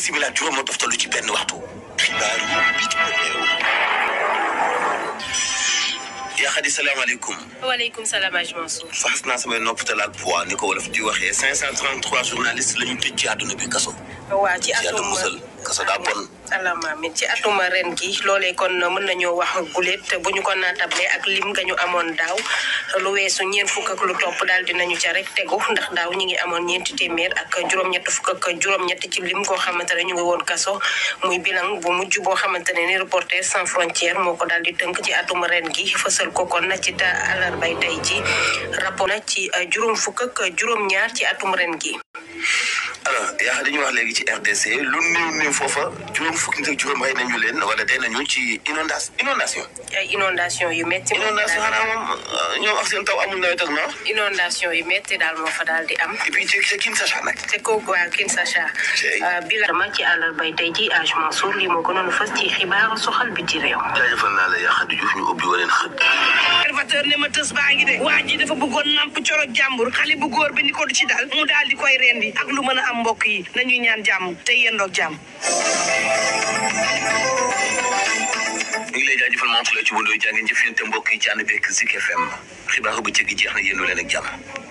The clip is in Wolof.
fukki simila ak juróom moo toftalu ci benn waxtu. xibaar yi bitim réew. yaa xadi salaamaaleykum. waaleykum salaam Aj Mansour. faxas naa samay nopp te laal poids ni ko wolof di waxee 533 journalistes la ñu tëj ci àdduna bi kaso. waaw ci atum euh, kaso daa bon. salama min ci atuma ren gi lolé kon mën nañu wax gulet buñu ko natablé ak lim gañu amon daaw lu wésu ñeen fuk ak lu top dal dinañu ci rek téggu ndax daaw ñi ngi amon ñeenti témèr ak juroom ñett fuk ak juroom ñett ci lim ko xamantene ñu ngi won kasso muy bilan bu mujju bo xamantene ni reporter sans frontières moko dal di teunk ci atuma ren gi fessel ko kon na ci ta bay tay ji rapport na ci juroom fuk ak juroom ñaar ci atuma ren gi yaa dañuy wax léegi ci RDC lu néew néew foofa juróom fukki nit ak juróom rey nañu leen wala dee nañu ci inondation inondation ay inondation yu métti inondation xanaa moom euh, ñoom ak seen taw amul nawet ak inondation yu métti daal moo fa daal di am et puis ci Kinshasa nag te kooku waa Kinshasa euh, bila ma ci àllarbay tey ji Hadj Mansour lii moo gënoon fas ci xibaar soxal bi ci réew jaajëfal naa la yaa Khady Diouf ñu ubbi tës ngi de ji dafa bëggoon namp coro jàmbur xale bu góor bi ko du ci dal mu daal di koy rendi ak lu mën a am mbokk yi nañuy ñaan jàmm tey yendoog jàmm ñu ngi lay jaajëfal Mansour la ci wëndoo jaa ngeen jëf yéen te mbokk yi ci ànd bekk FM xibaaru bu jéggi jeex na yéen leen ak